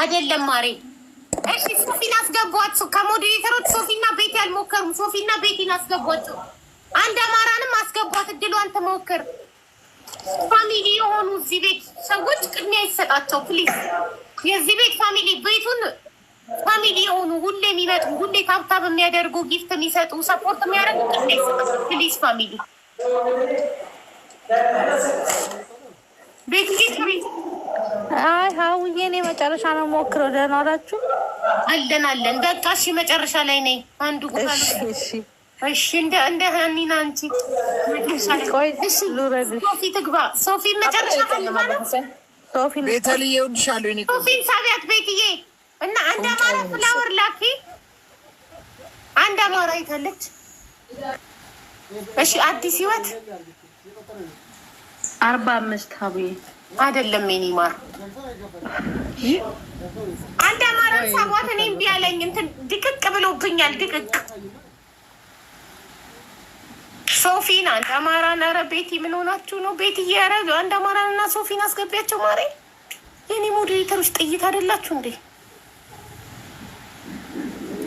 አይደለም ማሬ። እሺ ሶፊን አስገቧቸው። ከሞዴሬተሮች ሶፊና ቤቲ አልሞከሩም። ሶፊና ቤቲን አስገቧቸው። አንድ አማራንም አስገቧት። እድሉ አንተ ትሞክር። ፋሚሊ የሆኑ እዚህ ቤት ሰዎች ቅድሚያ ይሰጣቸው ፕሊዝ። የዚህ ቤት ፋሚሊ ቤቱን ፋሚሊ የሆኑ ሁሌ የሚመጡ ሁሌ ታብታብ የሚያደርጉ ጊፍት የሚሰጡ ሰፖርት የሚያደርጉ ቅድሚያ ይሰጣቸው ፕሊዝ ፋሚሊ ቤት አይ ሀውዬ እኔ መጨረሻ ነው ሞክረው። ደህና ዋላችሁ? አለን አለን። በቃ እሺ፣ መጨረሻ ላይ ነኝ። አንዱ እሺ፣ እንደ ሀኒና አንቺ ሶፊ ትግባ። ሶፊ መጨረሻ ቤተልዬ እወድሻለሁ። ሶፊን ሳቢያት ቤትዬ እና አንድ አማራ ፍላወር ላኪ። አንድ አማራ ይታለች። እሺ፣ አዲስ ህይወት አርባ አምስት ሀብዬ አይደለም ማር አንድ አማራ ሰባት እኔ እምቢ አለኝ። እንትን ድቅቅ ብሎብኛል። ድቅቅ ሶፊን አንድ አማራን። ኧረ ቤቲ ምን ሆናችሁ ነው? ቤት ኧረ አንድ አማራን እና ሶፊን አስገቢያቸው። ማሬ የኔ ሞዴሬተሮች ጥይት አይደላችሁ እንዴ?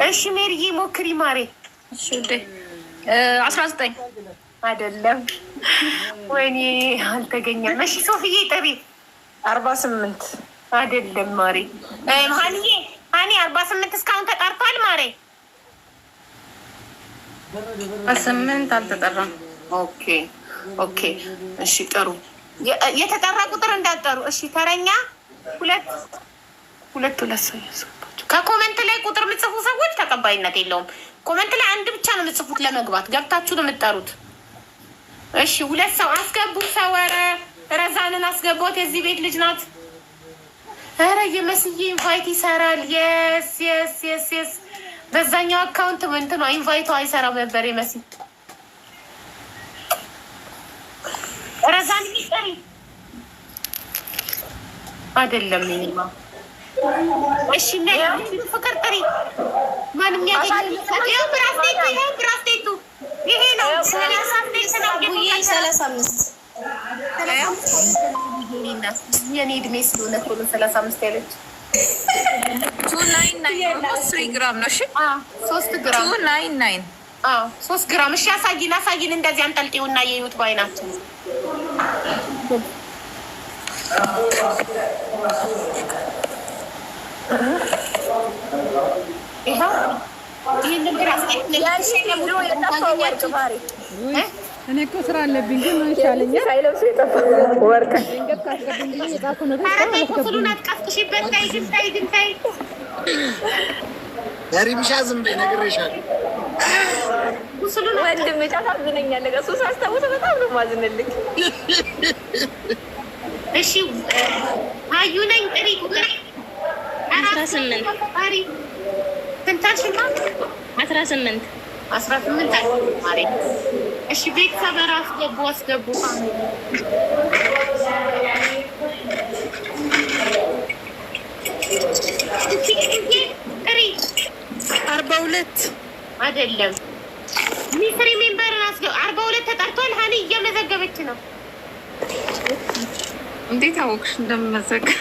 እሺ ሜሪዬ ሞክሪ ማሬ። እሺ አስራ ዘጠኝ አይደለም። ወይኔ አልተገኘም። እሺ ሶፍዬ ጠቢ አርባ ስምንት አይደለም ማሬ ሀኒዬ ሀኒ አርባ ስምንት እስካሁን ተጠርቷል ማሬ ስምንት አልተጠራም። ኦኬ ኦኬ። እሺ ጥሩ የተጠራ ቁጥር እንዳጠሩ። እሺ። ተረኛ ሁለት ሁለት ሁለት ሰው ያስባቸው። ከኮመንት ላይ ቁጥር የምጽፉ ሰዎች ተቀባይነት የለውም። ኮመንት ላይ አንድ ብቻ ነው የምትጽፉት ለመግባት ገብታችሁ ነው የምትጠሩት። እሺ ሁለት ሰው አስገቡ። ሰው ኧረ ረዛንን አስገቧት። የዚህ ቤት ልጅ ናት። ኧረ የመስዬ ኢንቫይት ይሰራል። የስ የስ የስ የስ በዛኛው አካውንት እንትኗ ኢንቫይቱ አይሰራም ነበር። የመስ ረዛን ሚጠሪ አይደለም። ኔማ እሺ ፍቅር ጥሪ ማንም ያገኘ ብራስቴቱ ይሄ ነው ብራስቴቱ ነው ሰላሳ አምስት የኔ እድሜ ስለሆነ እኮ ነው ሰላሳ አምስት ያለች። ሶስት ግራም እሺ፣ አሳይን አሳይን። እንደዚህ አንጠልጤውና የዩት ባይናቸው ይሄ ይህን ነገር እኔ እኮ ስራ አለብኝ ግን ምን ይሻለኛል? ሳይለብሱ የጠፋ ወርቅ አስራ ስምንት አስራ ስምንት አስራ ስምንት አልሽኝ ማርያም እሺ ቤተሰብ እራሱ ገቡ አስገቡ። ጥሪ አርባ ሁለት አይደለም ሚስሪ ሜምበር አርባ ሁለት ተጠርቷል። ሀኒ እየመዘገበች ነው። እንዴት አወቅሽ እንደምመዘገብ?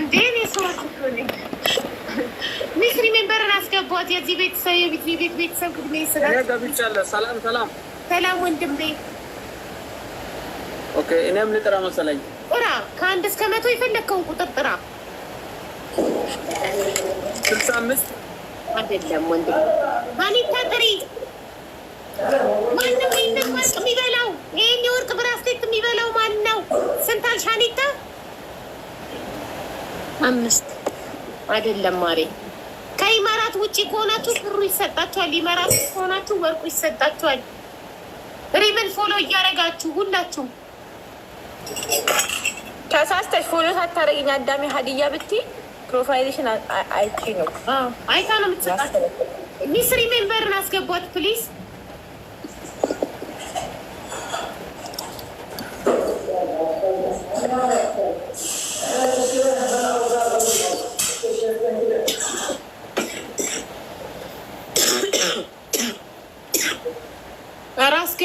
እንዴ ሚስሪ ሜምበርን አስገቧት። የዚህ ቤተሰብ የቤት ቤተሰብ ግድሜ ስራ ገብቻለሁ። ሰላም ሰላም ሰላም ወንድሜ። ኦኬ እኔም ልጥራ መሰለኝ። ጥራ፣ ከአንድ እስከ መቶ የፈለግከውን ቁጥር ጥራ። ስልሳ አምስት አይደለም ወንድሜ። አኒታ ጥሪ። ማንም ይህንን ወርቅ የሚበላው ይህን የወርቅ ብራስሌት የሚበላው ማን ነው? ስንት አልሽ አኒታ? አምስት አይደለም ማሬ ከኢማራት ውጭ ከሆናችሁ ብሩ ይሰጣችኋል። ኢማራት ከሆናችሁ ወርቁ ይሰጣችኋል። ሪምን ፎሎ እያደረጋችሁ ሁላችሁ ተሳስተሽ ፎሎ ሳታደርጊኝ አዳሜ ሀዲያ ብትይ ፕሮፋይልሽን አይቺ ነው አይታ ነው የምትሰጣት። ሚስ ሪሜምበርን አስገቧት ፕሊዝ።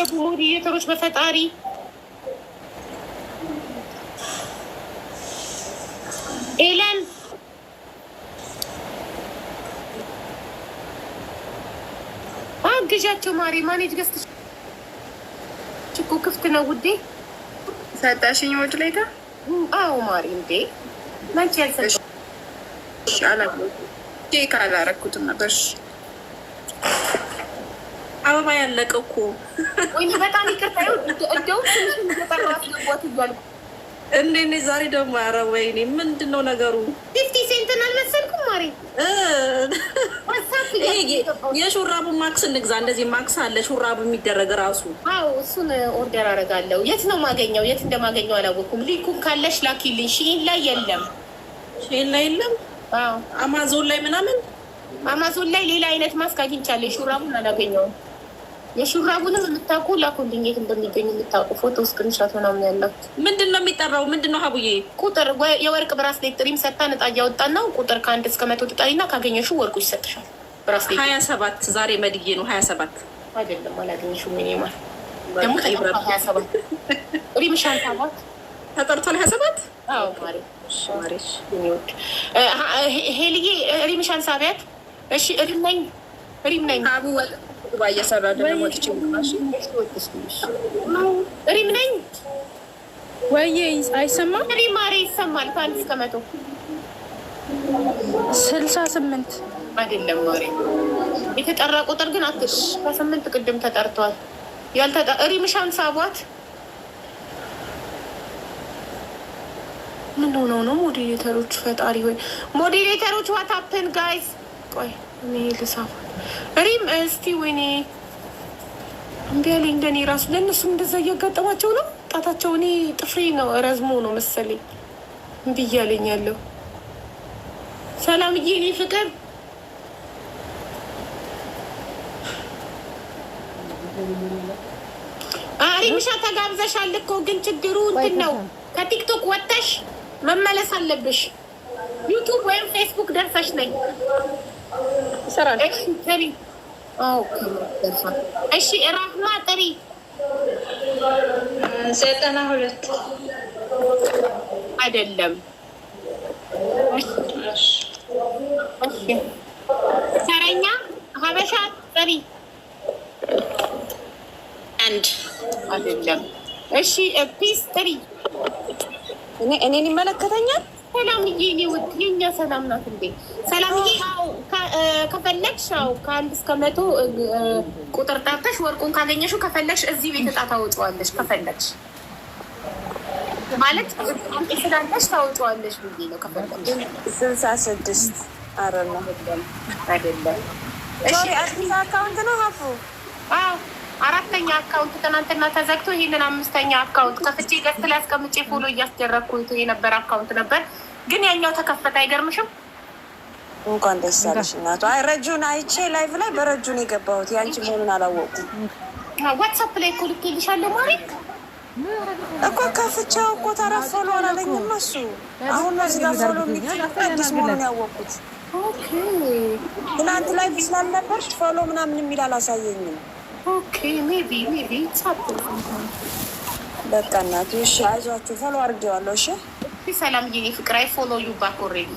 አትገቡ ሞዲሬተሮች በፈጣሪ ኤለን አግዣቸው ማሪ ማኔጅ ገዝተሽ እኮ ክፍት ነው ውዴ ሰጠሽኝ ወድ ላይ ጋ አዎ ማሪ እንዴ ናንቺ ያልሰጠ ካላረኩትም ነበር አበባ ያለቀ እኮ ወይ በጣም ይቅርታ። እንደውም ዛሬ ደግሞ ኧረ ወይኔ ምንድን ነው ነገሩ? ፊፍቲ ሴንትን አልመሰልኩም ማሪ። የሹራቡ ማክስ እንግዛ። እንደዚህ ማክስ አለ ሹራቡ የሚደረግ ራሱ። አዎ እሱን ኦርደር አደርጋለሁ። የት ነው ማገኘው? የት እንደማገኘው አላወቅኩም። ሊንኩን ካለሽ ላኪልኝ። ሺን ላይ የለም፣ ሺን ላይ የለም። አማዞን ላይ ምናምን አማዞን ላይ ሌላ አይነት ማስክ አግኝቻለሁ። ሹራቡን አላገኘውም። የሹራቡንም የምታውቁ ላኩልኝ፣ የት እንደሚገኝ የምታውቁ ፎቶ ስክሪንሻት ምናምን ያለው ምንድን ነው የሚጠራው? ምንድን ነው ሀቡዬ? ቁጥር የወርቅ ብራስሌት ጥሪም ሰታ ነጣ እያወጣ ነው። ቁጥር ከአንድ እስከ መቶ ትጠሪ እና ካገኘሹ ወርቁ ይሰጥሻል። ብራስሌት ሀያ ሰባት ዛሬ መድዬ ነው ሀያ ሰባት አይደለም አላገኘሹ ምን ይማል ደግሞ ሀያ ሰባት ጥሪም ሻንታባት ተጠርቷል። ሀያ ሰባት ሄልዬ ሪምሻን ሳቢያት እሺ ሪም ነኝ ሪም ነኝ ባ እየሰራ ሪም ነኝ ወይ? አይሰማም? ሪም ማሬ ይሰማል። ከአንድ እስከ መቶ ስልሳ ስምንት አይደለም ማሬ። የተጠራ ቁጥር ግን አትሽ ከስምንት ቅድም ተጠርተዋል። ያልተጠ ሪምሻን ሳቧት ምን ሆነው ነው ሞዴሬተሮች? ፈጣሪ ሆይ ሞዴሬተሮች፣ ዋታፕን ጋይስ። ቆይ እኔ ልሳፋ ሪም እስቲ ወይኔ እንዲያሌ እንደኔ ራሱ ለእነሱም እንደዛ እያጋጠማቸው ነው። ጣታቸው እኔ ጥፍሬ ነው ረዝሞ ነው መሰለኝ እምቢ እያለኝ ያለው። ሰላምዬ እኔ ፍቅር ሪምሻ ተጋብዘሻል እኮ ግን ችግሩ እንትን ነው። ከቲክቶክ ወጥተሽ መመለስ አለብሽ። ዩቱብ ወይም ፌስቡክ ደርሰሽ ነኝ እሺ ራህማ ጥሪ ዘጠና ሁለት አይደለም። ሰረኛ ሀበሻ ጥሪ አንድ አይደለም። እሺ ፒስ ጥሪ እኔን ይመለከተኛል። ሰላምዬ እኔ ውድ የኛ ሰላም ናት እንዴ? ሰላምዬ ከፈለግሽ ው ከአንድ እስከ መቶ ቁጥር ጠርተሽ ወርቁን ካገኘሽው ከፈለግሽ እዚህ ቤት እጣ ታወጪዋለሽ። ከፈለግሽ ማለት ስላለሽ ታወጪዋለሽ ብዬ ነው። ከፈለግሽ ስልሳ ስድስት አረ ነው አይደለም። እሺ አዲስ አካውንት ነው ሀፉ አራተኛ አካውንት ትናንትና ተዘግቶ ይህንን አምስተኛ አካውንት ከፍቼ ገት ላይ አስቀምጬ ፎሎ እያስደረግኩት የነበረ አካውንት ነበር፣ ግን ያኛው ተከፈተ። አይገርምሽም? እንኳን ደስ አለሽ እናቱ። አይ ረጁን አይቼ ላይቭ ላይ በረጁን የገባሁት የአንቺ መሆኑን አላወቁም። ዋትሳፕ ላይ እኮ ልኬልሻለሁ ማለት እኮ ከፍቻው እኮ ታዲያ ፎሎ አላለኝም እሱ። አሁን ነው እዚህ ጋር ፎሎ የሚችል አዲስ መሆኑን ያወቁት። ትናንት ላይቭ ስላልነበርሽ ፎሎ ምናምን የሚል አላሳየኝም። ሜቢ ሜቢ በቃ እናቱ እሺ፣ አይዟችሁ ፎሎ አድርጌዋለሁ። እሺ ሰላም የኔ ፍቅር፣ አይ ፎሎ ዩ ባክ ኦልሬዲ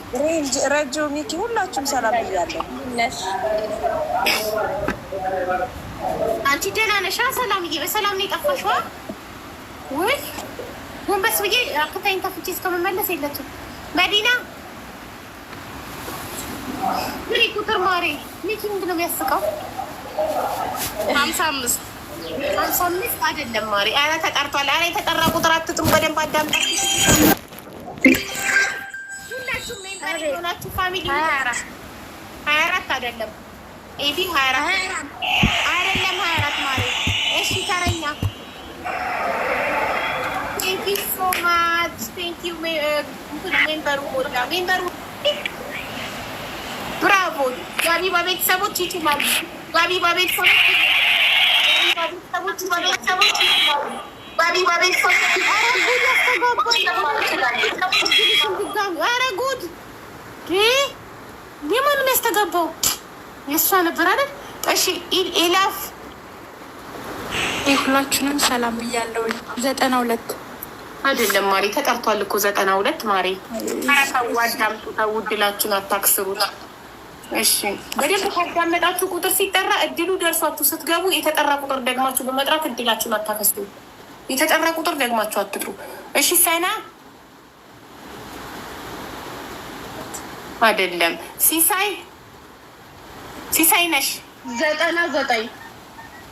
ረጆ ሚኪ፣ ሁላችሁም ሰላም እያለሁ። አንቺ ደህና ነሽ? ሰላምዬ፣ በሰላም ነው የጠፋሽው? ውይ ጎንበስ ብዬ አክታይን ከፍቼ እስከምመለስ የለችም። መዲና ቁጥር ማሬ ሚኪ ምንድን ነው የሚያስቀው? ሀምሳ አይደለም ማሪ። ኧረ ተቀርቷል። ኧረ የተቀራ ቁጥር አትጥሩ። በደንብ አዳምጣ ሁላችሁ ሜምበር የሆናችሁ ፋሚሊ ሀያ አራት አይደለም ኤቢ ሀያ አራት አይደለም ሀያ አራት ማሪ። እሺ ተረኛ ቴንክ ሶ ማች ቴንክ ሜምበሩ ሞላ ሜምበሩ ብራቮ የአቢባ ቤተሰቦች ይችላሉ። ባቢ ኧረ ጉድ! የማንን ያስተጋባው የእሷ ነበር አይደል? እሺ ኢላፍ ሁላችንም ሰላም ብያለሁ። ዘጠና ሁለት አይደለም ማሬ፣ ተጠርቷል እኮ ዘጠና ሁለት ማሬ። ተው አዳምጡ፣ ተው እድላችሁን አታክስሩት። እሺ በደንብ ካዳመጣችሁ ቁጥር ሲጠራ እድሉ ደርሷችሁ ስትገቡ የተጠራ ቁጥር ደግማችሁ በመጥራት እድላችሁን አታፈሱ። የተጠራ ቁጥር ደግማችሁ አትጥሩ። እሺ ሰና አይደለም ሲሳይ ሲሳይ ነሽ ዘጠና ዘጠኝ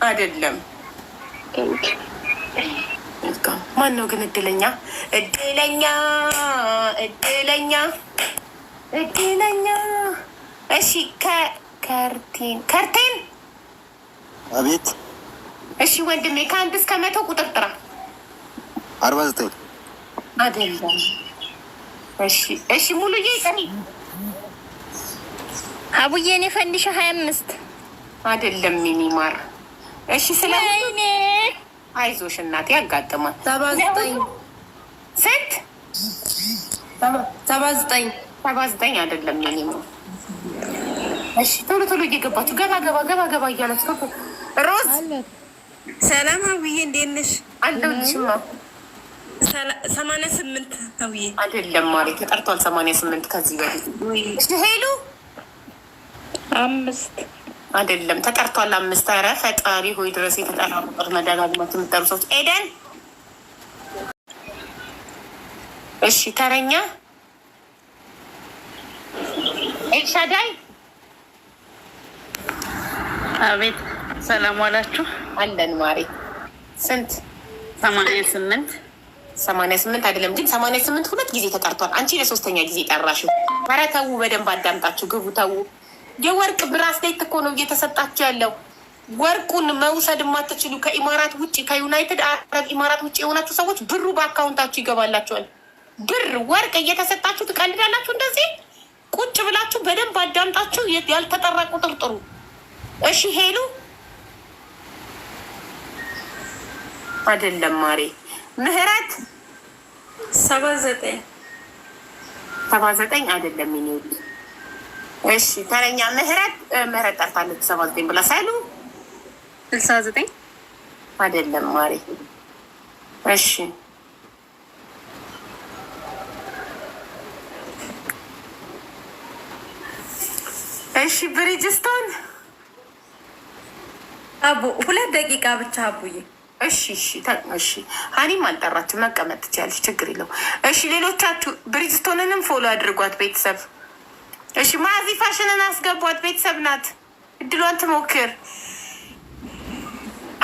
አይደለም። ማን ነው ግን እድለኛ እድለኛ እድለኛ እድለኛ እሺ ከርቲን ከርቲን አቤት። እሺ ወንድሜ ከአንድ እስከ መቶ ቁጥር ጥራ። አርባ ዘጠኝ አይደለም። እሺ እሺ። ሙሉዬ ጥሪ። አቡዬ እኔ ፈንድሽ ሀያ አምስት አደለም ሚኒማር እሺ። ስለ አይዞሽ እናቴ ያጋጥማል። ሰባ ዘጠኝ ስንት? ሰባ ዘጠኝ ሰባ ዘጠኝ አደለም ሚኒማር እሺ፣ ቶሎ ቶሎ እየገባችሁ ገባ ገባ ገባ ገባ እያለች ነው። ሮዝ ሰላም ሀውዬ፣ እንዴት ነሽ? አለሁልሽማ። ሰማንያ ስምንት ሀውዬ አይደለም ማለት ተጠርቷል። ሰማንያ ስምንት ከዚህ በፊት ሄሉ አምስት አይደለም ተጠርቷል። አምስት ኧረ ፈጣሪ ሆይ ድረስ የተጠራ ቁጥር መደጋግማት የምጠሩ ሰዎች ኤደን እሺ፣ ተረኛ ኤልሻዳይ አቤት ሰላም ዋላችሁ። አለን ማሪ ስንት ሰማንያ ስምንት ሰማንያ ስምንት አይደለም ግን ሰማንያ ስምንት ሁለት ጊዜ ተጠርቷል። አንቺ ለሶስተኛ ጊዜ ጠራሽ። ኧረ ተዉ፣ በደንብ አዳምጣችሁ ግቡ። ተዉ፣ የወርቅ ብራስሌት እኮ ነው እየተሰጣችሁ ያለው። ወርቁን መውሰድ የማትችሉ ከኢማራት ውጭ ከዩናይትድ አረብ ኢማራት ውጭ የሆናችሁ ሰዎች ብሩ በአካውንታችሁ ይገባላችኋል። ብር ወርቅ እየተሰጣችሁ ትቀልዳላችሁ። እንደዚህ ቁጭ ብላችሁ በደንብ አዳምጣችሁ ያልተጠራ ቁጥር ጥሩ እሺ ሄሉ አይደለም ማሬ ምህረት ሰባ ዘጠኝ ሰባ ዘጠኝ አይደለም ሚኒት እሺ ተረኛ ምህረት ምህረት ጠርታለች ሰባ ዘጠኝ ብላ ሳይሉ ስልሳ ዘጠኝ አይደለም ማሬ እሺ እሺ ብሪጅስቶን አቡ ሁለት ደቂቃ ብቻ አቡዬ። እሺ እሺ። ሀኒም አልጠራችሁ መቀመጥ ትችያለሽ፣ ችግር የለው። እሺ ሌሎቻችሁ ብሪጅቶንንም ፎሎ አድርጓት ቤተሰብ። እሺ ማዚ ፋሽንን አስገቧት ቤተሰብ ናት፣ እድሏን ትሞክር።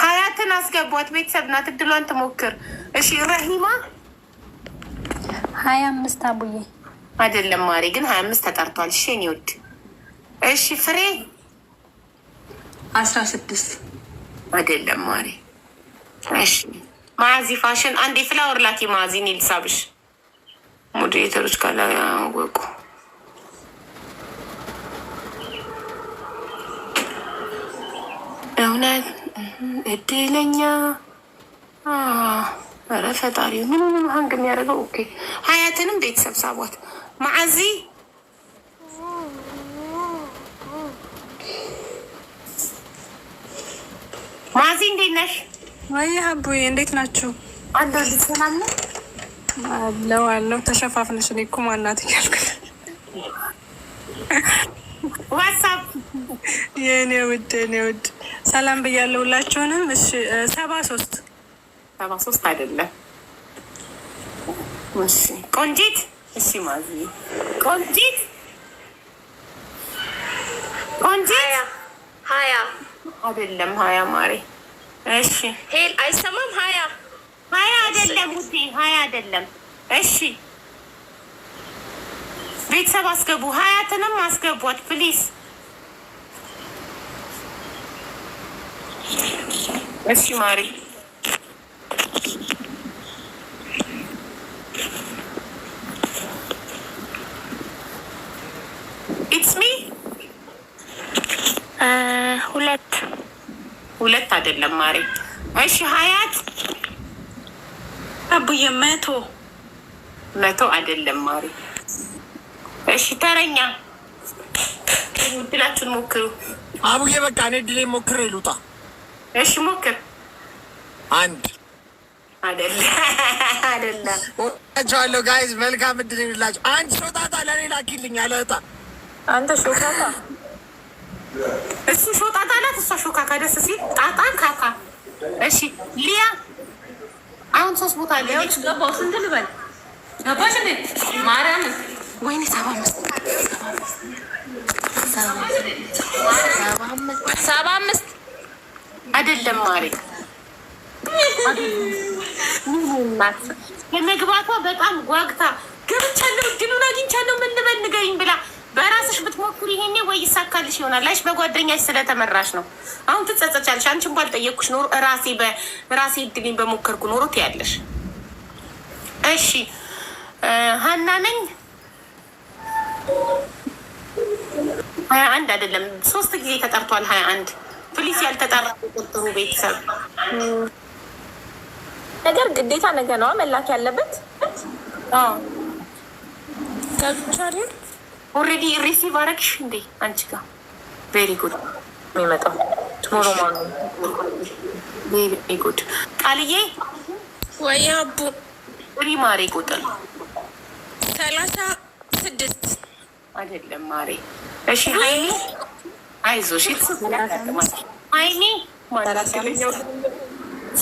ሀያትን አስገቧት ቤተሰብ ናት፣ እድሏን ትሞክር። እሺ ረሂማ ሀያ አምስት አቡዬ አይደለም ማሬ ግን ሀያ አምስት ተጠርቷል። እሺ እኔ ውድ እሺ ፍሬ አስራ ስድስት አይደለም ማሪ። እሺ ማዚ ፋሽን አንዴ ፍላወር ላኪ ማዚ ኔል ሳብሽ ሞዴሬተሮች ካላወቁ እውነት እድለኛ ኧረ ፈጣሪ ምን ሀንግ የሚያደርገው ኦኬ ሀያትንም ቤተሰብ ሳቧት ማዚ እንዴት ነሽ? ወይ አቡዬ እንዴት ናችሁ? አንዳንድ ሰላም አለው አለው። ተሸፋፍነሽ እኔ እኮ ማናት እያልኩ ዋትሳፕ የእኔ ውድ የእኔ ውድ ሰላም ብያለሁ ሁላችሁንም። እሺ ሰባ ሶስት ሰባ ሶስት አይደለም ቆንጂት። እሺ ማዚ ቆንጂት ቆንጂት ሀያ አይደለም ሀያ ማሬ እሺ ሄል አይሰማም። ሀያ ሀያ አይደለም ውዴ፣ ሀያ አይደለም። እሺ ቤተሰብ አስገቡ፣ ሀያትንም አስገቧት ፕሊስ እሺ ማሪ አይደለም ማሬ። እሺ ሀያት አቡዬ መቶ መቶ አይደለም ማሬ። እሺ ተረኛ ድላችሁን ሞክሩ። አቡዬ በቃ እኔ ድሌ ሞክር ይሉጣ። እሺ ሞክር። አንድ አይደለም ጋይዝ መልካም እድል ይላችሁ። አንድ ሾጣጣ ለሌላ ኪልኝ አለጣ አንተ ሾጣጣ እሱ ሾ ጣጣ ናት፣ እሷ ሾ ካካ። ደስ ሲል ጣጣ ካካ። እሺ ሊያ አሁን ሶስት ቦታ ሊያዎች ገባው። ስንት ልበል ገባሽ እንዴ? ማርያም ወይኔ ሰባ አምስት ሰባ አምስት አይደለም ማሪ ለመግባቷ በጣም ጓግታ ገብቻለሁ፣ ድሉን አግኝቻለሁ፣ ምን ልበል ንገሪኝ ብላ በራስሽ ብትሞክሪ ይሄኔ ወይ ይሳካልሽ ይሆናል። አይሽ በጓደኛሽ ስለተመራሽ ነው። አሁን ትጸጸቻለሽ። አንቺ እንኳን ጠየቅኩሽ ኖሮ ራሴ በራሴ እድሌን በሞከርኩ ኖሮ ትያለሽ። እሺ ሀና ነኝ። ሀያ አንድ አይደለም ሶስት ጊዜ ተጠርቷል። ሀያ አንድ ፕሊስ ያልተጠራ ቁጥሩ ቤተሰብ ነገር ግዴታ ነገ ነዋ መላክ ያለበት ገብቻ ኦልሬዲ ሪሲቭ አረግሽ እንዴ? አንቺ ጋ ቬሪ ጉድ የሚመጣው ቶሮ ማኑ ቬሪ ጉድ ቃልዬ ወይ አቡ ሪ ማሬ ቁጥር ሰላሳ ስድስት አይደለም ማሬ። እሺ ሀይሚ አይዞሽ ሀይኒ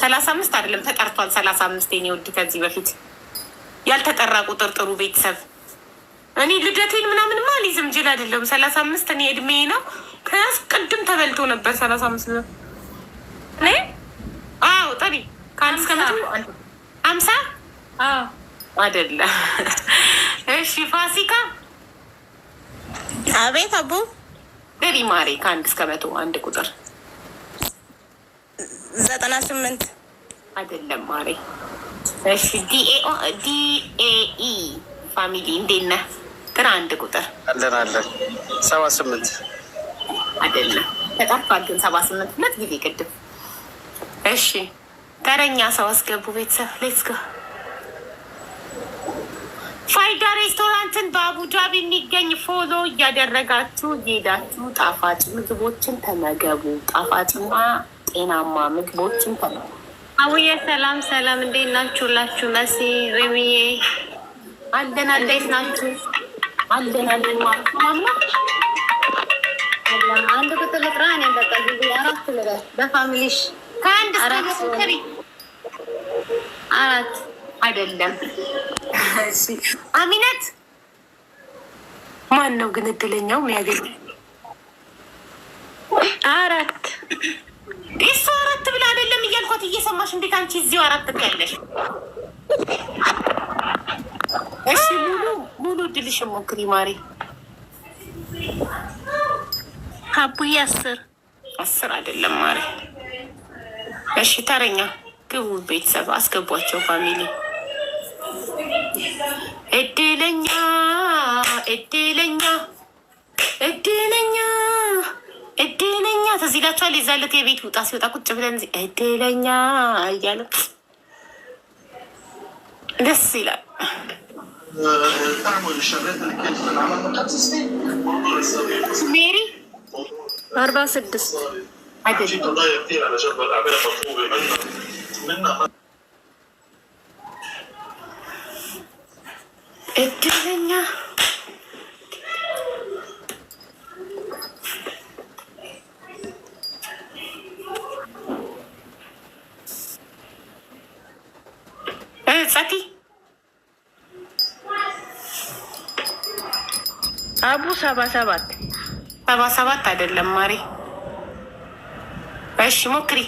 ሰላሳ አምስት አይደለም ተጠርቷል። ሰላሳ አምስት የኔ ውድ ከዚህ በፊት ያልተጠራ ቁጥር ጥሩ ቤተሰብ እኔ ልደቴን ምናምን አልይዝም። ጅል አይደለም። ሰላሳ አምስት እኔ እድሜ ነው። ከያዝ ቅድም ተበልቶ ነበር ሰላሳ አምስት ነው እኔ አዎ፣ ጠሪ ከአንድ እስከ መቶ ሀምሳ አይደለ? እሺ፣ ፋሲካ አቤት። አቡ ገሪ ማሬ ከአንድ እስከ መቶ አንድ ቁጥር ዘጠና ስምንት አደለም ማሬ። እሺ፣ ዲኤ ዲኤኢ ፋሚሊ እንዴት ነህ? ቁጥር አንድ ቁጥር አለን አለን ሰባ ስምንት አይደለም ተጠርቷል፣ ግን ሰባ ስምንት ሁለት ጊዜ ቅድም። እሺ ተረኛ ሰው አስገቡ ቤተሰብ ሌትስ ጎ ፋይዳ ሬስቶራንትን በአቡጃቢ የሚገኝ ፎሎ እያደረጋችሁ ሄዳችሁ ጣፋጭ ምግቦችን ተመገቡ። ጣፋጭና ጤናማ ምግቦችን ተመገቡ። አውዬ ሰላም ሰላም፣ እንዴት ናችሁላችሁ? መሲ ሬሚዬ አለን። እንዴት ናችሁ? አንድ ቁጥር ልጥራ እኔ በቃ አራት ልበል በፋሚሊሽ ከአንድ አራት አይደለም። አሚነት ማን ነው ግን እድለኛው የሚያገኝ? አራት እሱ አራት ብላ አይደለም እያልኳት እየሰማሽ እንዴት አንቺ እዚሁ አራት ትካለሽ? እሺ ሙሉ ሙሉ ድልሽ ሞክሪ ማሪ አቡዬ አስር አስር አይደለም ማሪ። እሺ ተረኛ ግቡ፣ ቤተሰብ አስገቧቸው። ፋሚሊ እድለኛ እድለኛ እድለኛ እድለኛ ትዝ ይላችኋል። የዛለት የቤት ውጣ ሲወጣ ቁጭ ብለን እዚህ እድለኛ እያለ ደስ ይላል። تعمل أربعة ستة اللي من خمس سنين موضوع قضايا كثير على الاعمال مطلوبه فتي አቡ ሰባ ሰባት ሰባ ሰባት አይደለም ማሪ። እሺ ሞክሪ።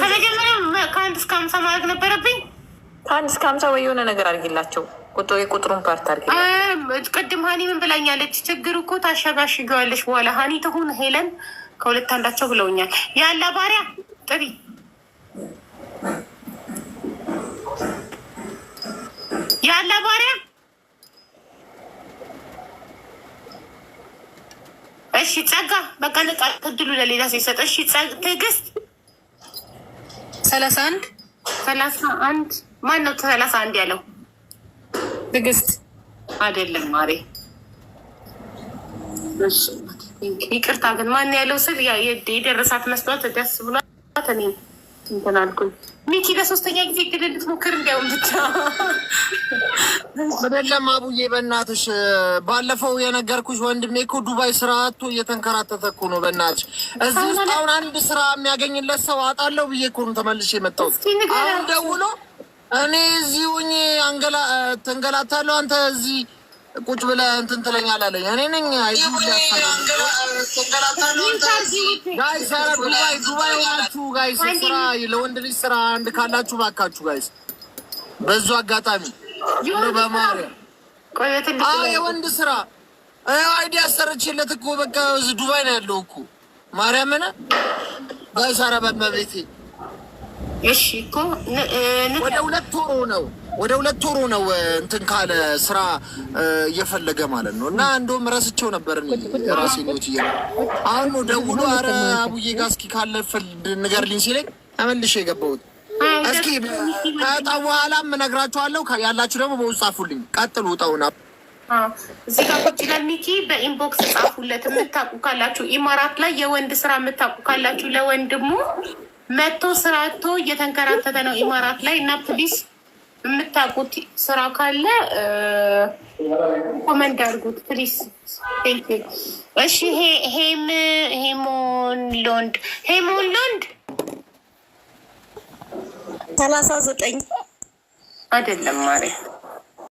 ከመጀመሪያ ከአንድ እስከ ሀምሳ ማድረግ ነበረብኝ። ከአንድ እስከ ሀምሳ ወይ የሆነ ነገር አድርጊላቸው። ቁጥሩ የቁጥሩን ፓርት አድርጊ። ቅድም ሀኒ ምን ብላኛለች? ችግር እኮ ታሸጋሽገዋለች። በኋላ ሀኒ ትሁን ሄለን ከሁለት አንዳቸው ብለውኛል። ያለ ባሪያ ጥሪ ያለ ባሪያ እሺ ጸጋ በቃ ልቃ እድሉ ለሌላ ሲሰጥ እሺ ትዕግስት ሰላሳ አንድ ሰላሳ አንድ ማን ነው ሰላሳ አንድ ያለው ትዕግስት አይደለም ማሬ ይቅርታ ግን ማን ያለው ስል የደረሳት መስሏት ደስ ብሏት እንትን አልኩኝ። ሚኪ ለሶስተኛ ጊዜ እድል ልትሞክር እንዲያውም ብቻ አይደለም። አቡዬ በእናትሽ ባለፈው የነገርኩሽ ወንድሜ እኮ ዱባይ ስራ አጥቶ እየተንከራተተ እኮ ነው። በእናትሽ እዚህ ውስጥ አሁን አንድ ስራ የሚያገኝለት ሰው አጣለው ብዬ እኮ ነው ተመልሼ የመጣሁት። አሁን ደውሎ እኔ እዚህ ተንገላታለሁ አንተ እዚህ ቁጭ ብለህ እንትን ትለኛለህ አለኝ። እኔ ነኝ ዱባይ ሆናችሁ ጋይስ ስራ ለወንድ ልጅ ስራ አንድ ካላችሁ ባካችሁ ጋይስ፣ በዙ አጋጣሚ በማርያም የወንድ ስራ አይዲ አሰርቼለት እኮ በቃ ዱባይ ነው ያለው እኮ ማርያምን ጋይስ፣ ኧረ በመቤቴ እሺ እኮ ወደ ሁለት ወሩ ነው ወደ ሁለት ወሩ ነው እንትን ካለ ስራ እየፈለገ ማለት ነው። እና እንደውም ረስቸው ነበር ራሴ ኖት እየ አሁን ነው ደውሎ አረ አቡዬ ጋ እስኪ ካለ ንገርልኝ ሲለኝ ተመልሼ የገባሁት። እስኪ ከጣ በኋላም እነግራችኋለሁ። ያላችሁ ደግሞ በውስጥ ጻፉልኝ። ቀጥሉ እጣውን እዚህ ጋር ቁጭ ይላል። ሚኪ በኢንቦክስ ጻፉለት የምታውቁ ካላችሁ፣ ኢማራት ላይ የወንድ ስራ የምታውቁ ካላችሁ ለወንድሙ መቶ ስራ አጥቶ እየተንከራተተ ነው ኢማራት ላይ እና ፕሊስ የምታውቁት ስራ ካለ ኮመንድ አድርጉት ፕሊስ። እሺ ሄም ሄሞን ሎንድ ሄሞን ሎንድ ሰላሳ ዘጠኝ አይደለም ማርያም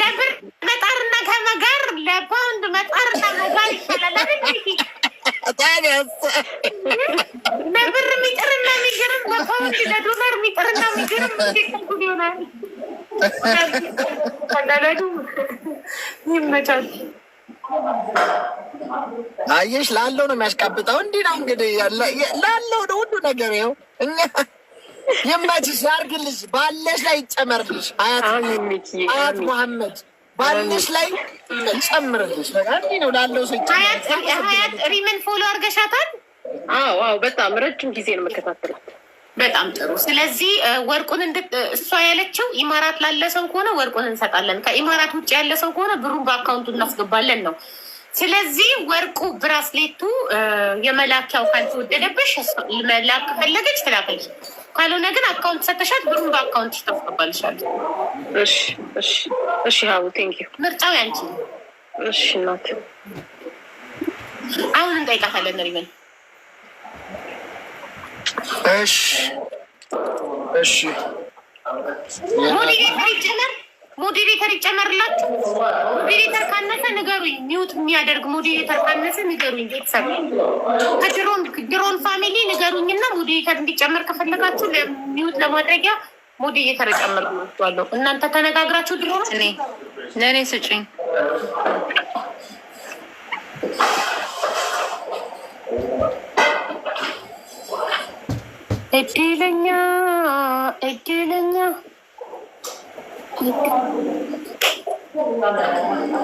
ለብር መጣርና ከመጋር ለፓውንድ መጣርና መጋር ይሻላል። ለብር የሚጥርና የሚግርም ለፓውንድ ለዶላር ይሆናል። ይመቻል። አየሽ ላለው ነው የሚያስቀብጠው። እንዲህ ነው እንግዲህ ላለው ነው ሁሉ ነገር ይኸው እኛ ይመችሽ፣ ያርግልሽ፣ ባለሽ ላይ ይጨመርልሽ። አያት መሐመድ ባለሽ ላይ ጨምርልሽ። እንዲህ ነው ላለው ሰው ሀያት ሪምን ፎሎ አድርገሻታል? አዎ፣ በጣም ረጅም ጊዜ ነው መከታተላት። በጣም ጥሩ። ስለዚህ ወርቁን እንድ እሷ ያለችው ኢማራት ላለ ሰው ከሆነ ወርቁን እንሰጣለን፣ ከኢማራት ውጭ ያለ ሰው ከሆነ ብሩን በአካውንቱ እናስገባለን ነው። ስለዚህ ወርቁ ብራስሌቱ የመላኪያው ካልተወደደብሽ መላክ ፈለገች ትላከች ካልሆነ ግን አካውንት ሰተሻት ብሩን በአካውንት ታስገባልሻለች። እሺ ሀቡ ቴንክ ዩ። ምርጫው ያንቺ። እሺ እናት አሁን እንጠይቃታለን ሪበን። እሺ እሺ ሞዴሬተር ይጨመር ሞዲሬተር ይጨመርላት እናንተ ንገሩኝ። ሚውት የሚያደርግ ሞዲሬተር ካነሰ ንገሩኝ። ቤተሰብ ከድሮን ድሮን ፋሚሊ ንገሩኝና ሞዴሬተር እንዲጨመር ከፈለጋችሁ ሚውት ለማድረጊያ ሞዴሬተር እጨምርላችኋለሁ። እናንተ ተነጋግራችሁ ድሮን ለእኔ ስጭኝ። እድለኛ እድለኛ እድለኛ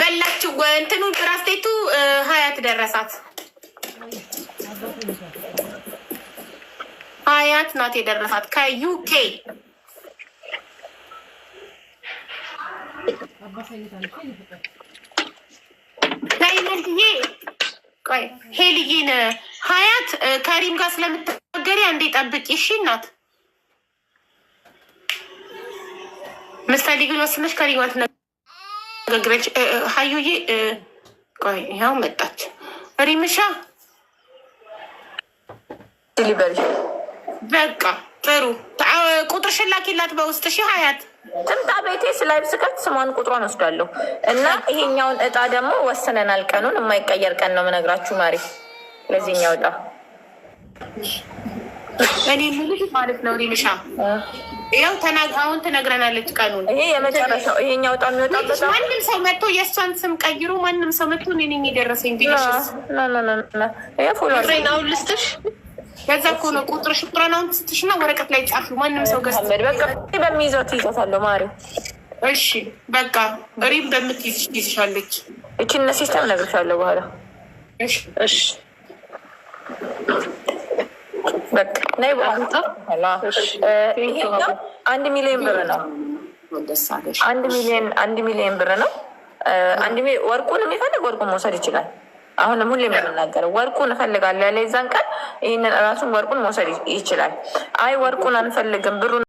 በላችሁ። እንትኑ ብራስቴቱ ሀያት ደረሳት። ሀያት ናት የደረሳት ከዩኬ ቆይ ሄልዬን ሀያት ከሪም ጋር ስለምትናገሪ አንዴ ጠብቂ እሺ እናት። ምሳሌ ግን ወስነሽ ከሪም ጋር ትነጋግረች። ሀዩዬ ቆይ ያው መጣች። ሪምሻ በቃ ጥሩ ቁጥር ሽላኪላት በውስጥ ሺ ሀያት ጥምጣ ቤቴ ስላይብ ስከፍት ስሟን ቁጥሯን ወስዳለሁ እና ይሄኛውን እጣ ደግሞ ወስነናል። ቀኑን የማይቀየር ቀን ነው የምነግራችሁ። ማሪ ለዚህኛው እጣ እኔ የምልሽ ማለት ነው ሪልሻ ያው አሁን ትነግረናለች ቀኑን። ይሄ የመጨረሻው ይሄኛው እጣ የሚወጣበት ማንም ሰው መጥቶ የእሷን ስም ቀይሮ ማንም ሰው መጥቶ እኔ የሚደረሰኝ ብዬሽ ፎሎ አሁን ልስጥሽ ከዛ እኮ ነው ቁጥር ሽኩራናውን ስትሽና ወረቀት ላይ ጻፉ። ማንም ሰው ገስ በሚይዘው ትይዘታለሁ። ማሪ እሺ፣ በቃ ሪም በምትይዝ ትይዝሻለች። እችነ ሲስተም እነግርሻለሁ በኋላ። እሺ፣ በቃ ናይ አንድ ሚሊዮን ብር ነው። አንድ ሚሊዮን አንድ ሚሊዮን ብር ነው። አንድ ወርቁን የሚፈልግ ወርቁን መውሰድ ይችላል። አሁንም ሁሌ የምንናገረው ወርቁን እንፈልጋለን ያለ የዛን ቀን ይህንን እራሱን ወርቁን መውሰድ ይችላል። አይ ወርቁን አንፈልግም ብሩን